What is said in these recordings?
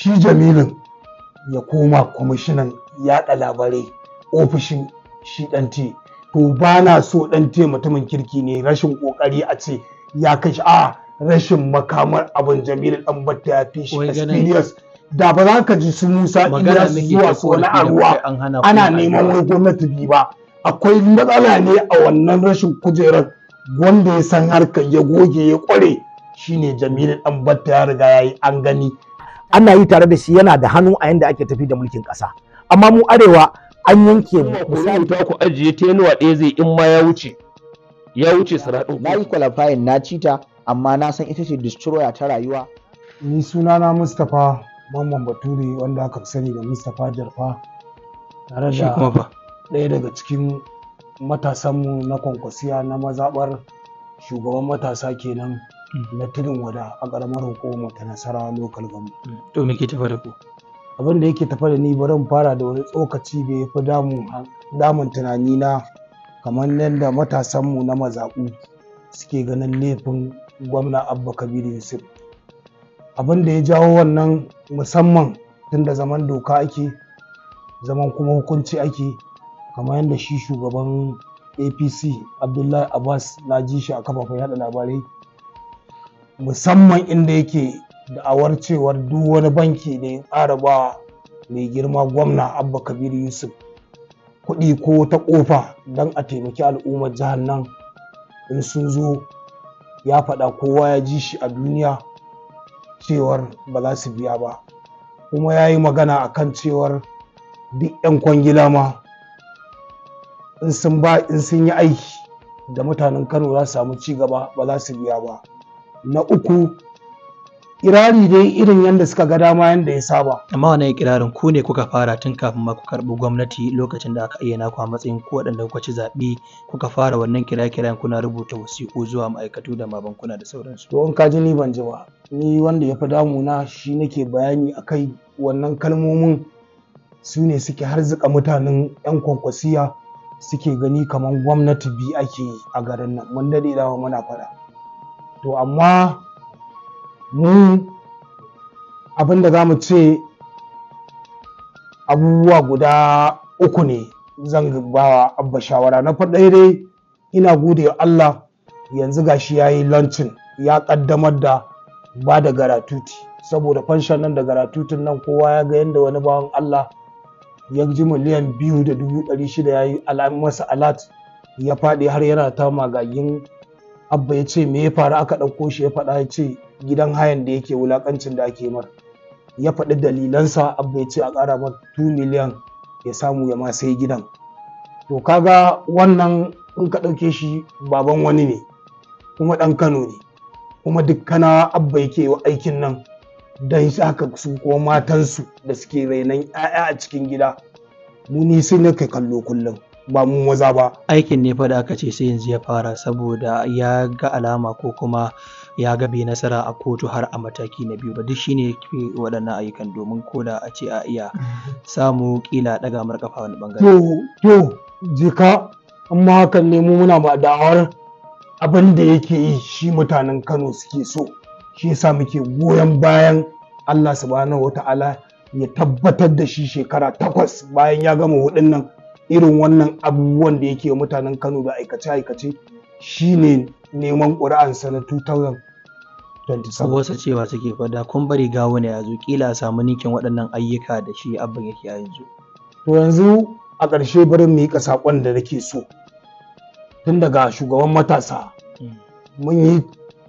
shi jamilin ya koma kwamishinan yaɗa labarai ofishin shi ɗante to ba na so ɗante mutumin kirki ne rashin kokari a ce ya kashi a rashin makamar abin jamilu ɗan batta ya fi shi experience da ba za ka ji su musa iya zuwa su wani aruwa ana neman wani gwamnati bi ba akwai matsala ne a wannan rashin kujerar wanda ya san harkar ya goge ya kware ne jamilu ɗan batta ya riga ya yi an gani ana yi tare da shi yana da hannu a yanda ake tafi da mulkin ƙasa amma mu arewa an yanke mu misali ta ku ajiye yanuwa ɗaya zai in ma ya wuce ya wuce siraɗin na yi qualifying na cita amma na san ita ce destroyer ta rayuwa ni sunana mustapha mamman bature wanda aka sani da mustapha jarfa tare da ɗaya daga cikin matasanmu na kwankwasiya na mazaɓar shugaban matasa kenan na tudun wada a ƙaramar hukuma ta nasara lokal gamu. Mm. To me ke tafa da Abin da yake tafa da ni barin fara da wani tsokaci da ya fi damun tunani na kamar yadda matasanmu na mazaƙu suke ganin laifin gwamna Abba Kabir Yusuf. Abin da ya jawo wannan musamman tun da zaman doka ake zaman kuma hukunci ake kamar yadda shi shugaban apc abdullahi abbas na ji shi a kafafen yada labarai musamman inda yake da'awar cewar duk wani banki da ya ƙara ba mai girma gwamna abba kabir yusuf kuɗi ko ta ƙofa don a taimaki al'ummar jihar nan in sun zo ya faɗa kowa ya ji shi a duniya cewar ba za su biya ba kuma ya yi magana a kan cewar duk 'yan kwangila ma in sun yi aiki da mutanen kano za su samu ci gaba ba za su biya ba na uku kirari dai irin yadda suka ga dama yadda ya saba. Amma wannan kirarin ku ne kuka fara tun kafin ma ku karɓi gwamnati lokacin da aka ayyana ku a matsayin ku waɗanda kuka ci zaɓe kuka fara wannan kira-kiran kuna rubuta wasiƙu zuwa ma'aikatu da mabankuna da sauransu. To in ka ji ni ban ji ba ni wanda ya fi na shi nake bayani akai, wannan kalmomin su ne suke harzuka mutanen 'yan kwankwasiya suke gani kamar gwamnati bi ake a garin nan mun daɗe dama muna faɗa. to amma mu abinda za mu ce abubuwa guda uku ne zan wa abba shawara na faɗai dai ina gode Allah yanzu gashi ya yi lancin ya ƙaddamar da ba da garatuti saboda fanshan nan da garatutin nan kowa ya ga yadda wani bawan Allah ya ji miliyan biyu da dubu ɗari shida ya yi masa alat ya faɗi har yana ta magagin abba ya ce me ya faru aka ɗauko shi ya faɗa ya ce gidan hayan da yake wulaƙancin da ake mar ya faɗi dalilansa abba ya ce a ƙara mar 2 miliyan ya samu ya ma sai gidan to kaga wannan in ka ɗauke shi baban wani ne kuma ɗan kano ne kuma dukkana abba yake wa aikin nan don haka su ko matansu da suke rainan 'ya'ya a cikin gida Mu ni sai na kai kallo kullum ba mu maza ba aikin ne fa da aka ce sai yanzu ya fara saboda ya ga alama ko kuma ya ga bai nasara a kotu har a mataki na biyu ba duk shine ke waɗannan ayyukan domin ko da a ce a iya samu ƙila daga mar kafa wani bangare to to jika amma hakan ne mu muna ba abinda abin da yake yi shi mutanen Kano suke so shi yasa muke goyon bayan Allah subhanahu wata'ala ya tabbatar da shi shekara takwas bayan ya gama hudun nan irin wannan abubuwan da yake mutanen kano da aikace-aikace shine neman ƙuri'an na 2027 wasu cewa suke fada kun bari gawo ne yanzu kila a samu nikin waɗannan ayyuka da shi abin yake yanzu to yanzu a ƙarshe barin mu yi saƙon da nake so tun daga shugaban matasa hmm. mun yi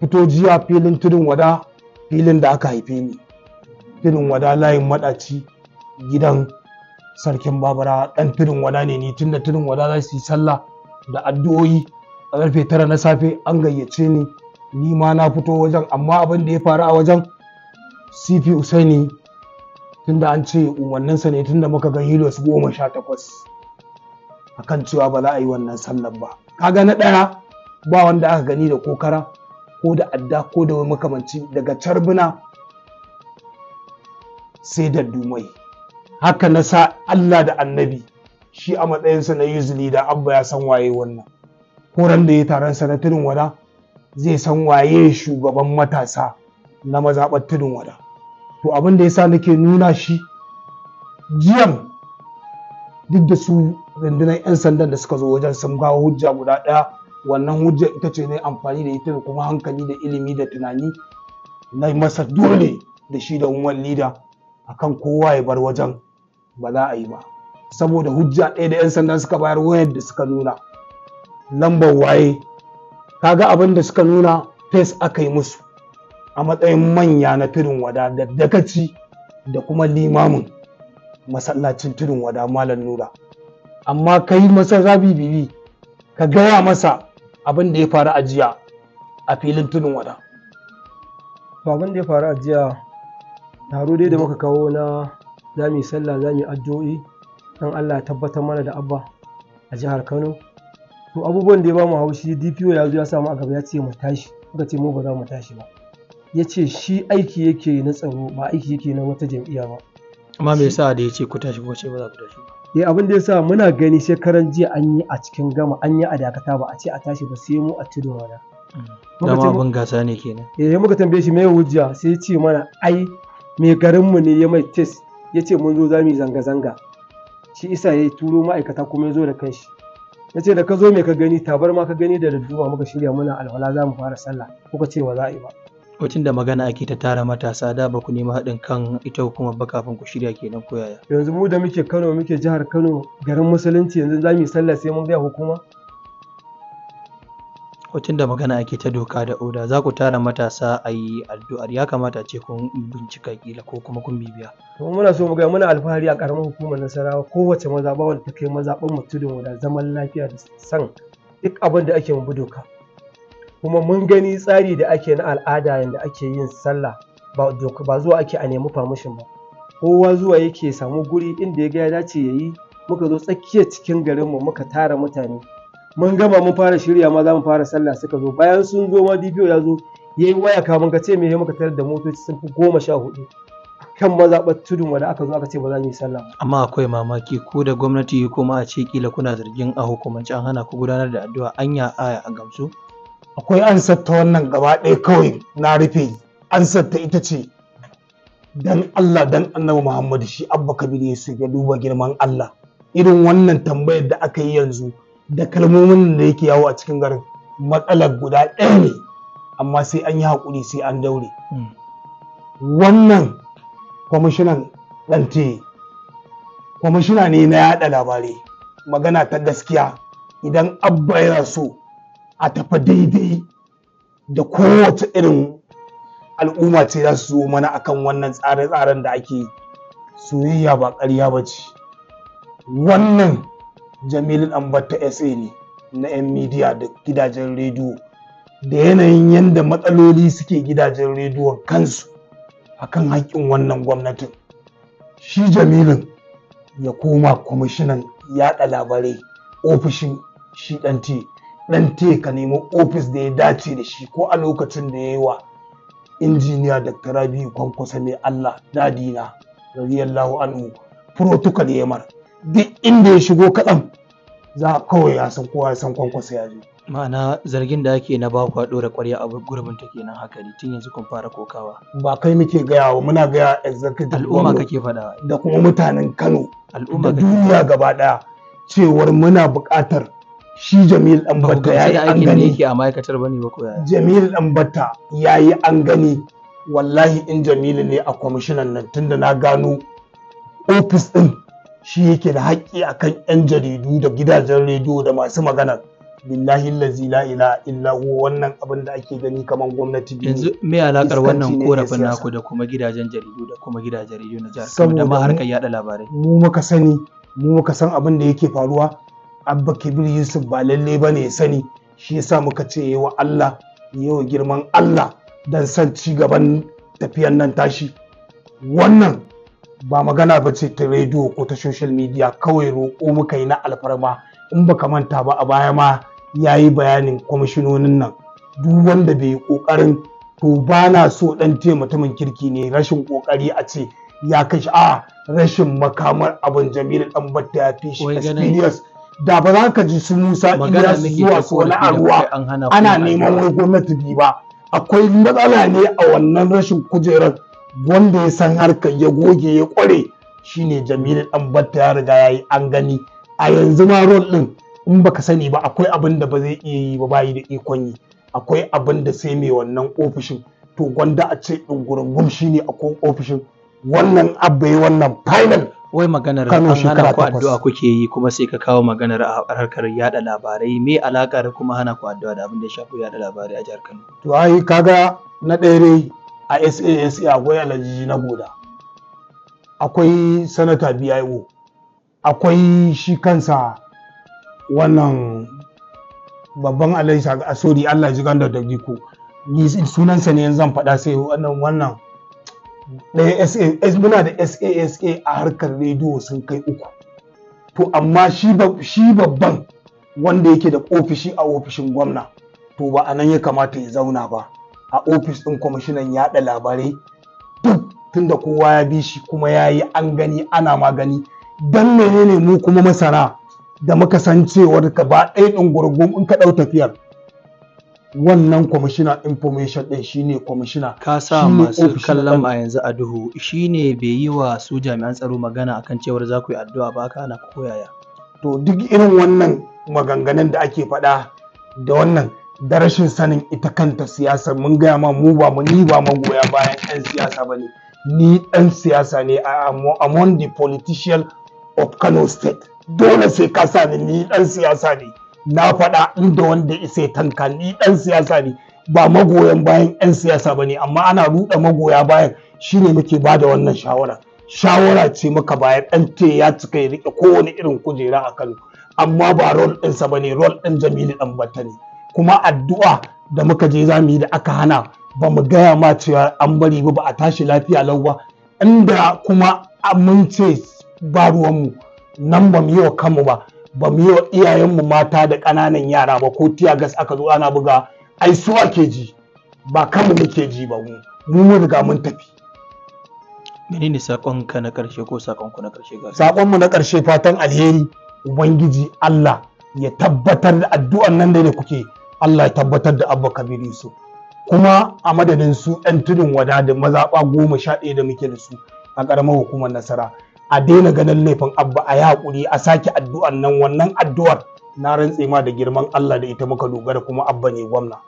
fito jiya filin tudun wada filin da aka haife ni tudun wada layin maɗaci gidan sarkin babara dan tudun wada ne ni da tudun wada za su yi sallah da addu'o'i a karfe tara na safe an gayyace ni ni ma na fito wajen amma abin da ya faru a wajen cp usaini tunda an ce umarninsa ne tunda muka ga hilos goma sha takwas A kan cewa ba za a yi wannan sallan ba kaga na ɗaya ba wanda aka gani da kokara ko da adda ko da makamanci daga carbuna sai da dumai haka na sa Allah da annabi shi a matsayinsa na yuzuli da abba ya san waye wannan horon da ya taron sa wada zai san waye shugaban matasa na mazaɓar tudun wada to abin da ya sa nake nuna shi jiyan duk da su rundunar 'yan sandan da suka zo wajen sun kawo hujja guda ɗaya wannan hujja ita ce ne amfani da ita da kuma hankali da ilimi da tunani na masa dole da shi da umar lida akan kowa ya bar wajen ba za a yi ba saboda hujja ɗaya da 'yan sanda suka bayar wayar da suka nuna lambar waye kaga abin da suka nuna fes aka yi musu a matsayin manya na tudun wada da dakaci da kuma limamin masallacin tudun wada malam nura amma ka yi masa rabi bibi ka gaya masa abin da ya faru a jiya a filin tudun wada abin da ya faru a jiya taro dai da muka kawo na za mu yi sallah za mu yi addu'o'i don Allah tabbatar mana da abba a jihar Kano to abubuwan da ya bamu haushi DPO ya zo ya samu a gaba ya ce mu tashi muka ce mu ba za mu tashi ba ya ce shi aiki yake na tsaro ba aiki yake na wata jam'iyya ba amma me yasa da ya ce ku tashi ko ce ba za ku tashi ba eh abin da yasa muna gani shekaran jiya an yi a cikin gama an yi a dakata ba a ce a tashi ba sai mu a tudu mana mm. dama abin gasa ne kenan eh muka tambaye shi me hujja sai ya ce mana ai Me garinmu ne ya mai test ya ce mun zo za mu yi zanga-zanga shi isa ya yi turo ma'aikata kuma ya zo da kanshi ya ce da ka zo mai ka gani tabar ma ka gani da dadduba muka shirya muna alwala za mu fara sallah kuka ce wa za a yi ba wacin da magana ake ta tara matasa da ba ku nema haɗin kan ita hukumar ba kafin ku shirya kenan ko yaya yanzu mu da muke Kano muke jihar Kano garin musulunci yanzu za mu yi sallah sai mun gaya hukuma hotun da magana ake ta doka da oda za ku tara matasa a yi addu'ar ya kamata ce kun bincika kila ko kuma kun bibiya. kuma muna so mu ga muna alfahari a karamar hukumar nasarawa kowace mazaɓa wanda ta kai mazaɓan mu tudun zaman lafiya da san duk abin da ake mu doka kuma mun gani tsari da ake na al'ada yadda ake yin sallah ba zuwa ake a nemi famishin ba kowa zuwa yake samu guri inda ya ga ya dace ya yi muka zo tsakiyar cikin garinmu muka tara mutane mun gama mun fara shirya ma za mu fara sallah suka zo bayan sun zo ma dibiyo ya zo yayi waya mun ka ce me ya muka tarar da motoci sun fi goma sha hudu kan mazaɓar tudun wanda aka zo aka ce ba za mu yi sallah amma akwai mamaki ko da gwamnati kuma a ce kila kuna zargin a hukumance an hana ku gudanar da addu'a anya aya a gamsu akwai ansar ta wannan gaba ɗaya kawai na rufe ansar ta ita ce dan Allah dan Annabi Muhammad shi Abba Kabir ya duba girman Allah irin wannan tambayar da aka yi yanzu da kalmomin da yake yawo a cikin garin matsalar guda ɗaya ne amma sai an yi haƙuri sai an daure wannan kwamishinan ɗante kwamishina ne na yada labarai magana ta gaskiya idan abba yana so a tafa daidai da kowace irin al'umma ce za su zo mana akan wannan tsare-tsaren da ake soyayya ba ƙarya ba ce wannan jamilin ambata sa ne na 'yan midiya da gidajen rediyo da yanayin yadda matsaloli suke gidajen rediyon kansu a kan haƙƙin wannan gwamnatin shi Jamilu ya koma kwamishinan yaɗa labarai ofishin shi ɗan te ka nemi ofis da ya dace da shi ko a lokacin da ya yi wa injiniya dr Rabi'u kwankwasa mai allah dadina radiyallahu anhu protocol yamar duk inda ya shigo kaɗan za kawai ya san kowa ya san kwankwasa ya zo. ma'ana zargin da ake na bakwa ɗora ƙwarya a gurbin ta kenan haka ne tun yanzu kun fara kokawa ba kai muke gaya wa muna gaya executive al'umma kake faɗa da kuma mutanen Kano al'umma da duniya gaba ɗaya cewar muna buƙatar shi Jamil batta ya yi an gani yake a ma'aikatar bane ba koya Jamil batta ya yi an gani wallahi in Jamilu ne a kwamishinan nan tunda na gano ofis ɗin shi yake da haƙƙi akan 'yan jaridu da gidajen rediyo da masu magana billahi lazi la ila illa wannan abin da ake gani kamar gwamnati biyu yanzu me alakar wannan korafin naku da kuma gidajen jaridu da kuma gidajen rediyo na jihar Kano da ma harkar yada labarai mu muka sani mu muka san abin da yake faruwa abba kabir yusuf ba lalle ba ne ya sani shi yasa muka ce wa Allah wa girman Allah don san ci gaban tafiyan nan tashi wannan ba magana ba ce ta rediyo ko ta social media kawai roƙo muka yi na alfarma in baka manta ba a baya ma ya yi bayanin kwamishinonin nan duk wanda bai yi ƙoƙarin to ba na so ɗan te mutumin kirki ne rashin ƙoƙari a ce ya kashi a rashin makamar abin jamilu ɗan batta ya fi shi da ba za ka ji su musa iya zuwa su wani aruwa ana neman wai gwamnati bi ba akwai matsala ne a wannan rashin kujerar wanda ya san harkar ya goge ya kware shine jamilu dan batta ya riga ya yi an gani a yanzu ma rol din in baka sani ba akwai abin da ba zai iya yi ba bayi da ikon yi akwai abin da sai mai wannan ofishin to gwanda a ce ɗungurungum shine akwai ofishin wannan abbe wannan final wai maganar an hana ku addu'a kuke yi kuma sai ka kawo maganar a harkar yada labarai me alaka da kuma hana ku addu'a da abin da ya shafi yada labarai a jihar Kano to ai kaga na ɗaya a sasa akwai alhaji na goda akwai sanata bio akwai shi kansa wannan babban alaisa a ah, sori allah ji ganda da diko sunansa ne zan faɗa sai wannan wannan ɗaya sasa muna da sasa a harkar rediyo sun kai uku to amma shi babban wanda yake da ofishi a ofishin gwamna to ba a nan ya kamata ya zauna ba a ofis ɗin kwamishinan yaɗa labarai duk tunda kowa ya bi shi kuma ya yi an gani ana magani don menene mu kuma masara da muka san cewar ka ba ɗaya ɗin gurgun in ka ɗau tafiyar wannan kwamishina information ɗin shi ne, kwamishina ka sa masu kallon a yanzu a duhu Shi ne bai yi wa su jami'an tsaro magana akan cewar za ku yi addu'a ba ka ana koyaya to duk irin wannan maganganun da ake faɗa da wannan da rashin sanin ita kanta siyasa mun gaya ma mu ba mu ni ba magoya bayan 'yan siyasa ba ne ni ɗan siyasa ne a among the politician of Kano state dole sai ka sa ni ni ɗan siyasa ne na faɗa inda wanda isa tanka ni ɗan siyasa ne ba magoyan bayan 'yan siyasa ba ne amma ana ruɗa magoya bayan shine muke ba da wannan shawara shawara ce maka bayan ɗan te ya cika ya riƙe kowane irin kujera a Kano amma ba rol ɗinsa ba ne rol ɗin Jamilu ɗan ne. kuma addu'a da muka je za mu yi da aka hana ba mu gaya ma cewa an bari ba a tashi lafiya lau ba inda kuma mun ce ba ruwanmu nan ba mu yi wa kanmu ba ba mu yi wa iyayenmu mata da ƙananan yara ba ko tiyagas aka zo ana buga ai su ake ji ba kanmu muke ji ba mu mu riga mun tafi Mene ne sakonka na ƙarshe ko sakonku na ƙarshe ga sakonmu na ƙarshe fatan alheri ubangiji Allah ya tabbatar da addu'an nan da kuke Allah ya tabbatar da Abba kabiri su, kuma a madadin su 'yan tudun wada da mazaɓa goma sha ɗaya da muke da su a ƙaramar hukumar nasara a daina ganin laifin abba a yi haƙuri a sake addu'ar nan wannan addu'ar na rantse ma da girman Allah da ita muka dogara kuma abba ne gwamna.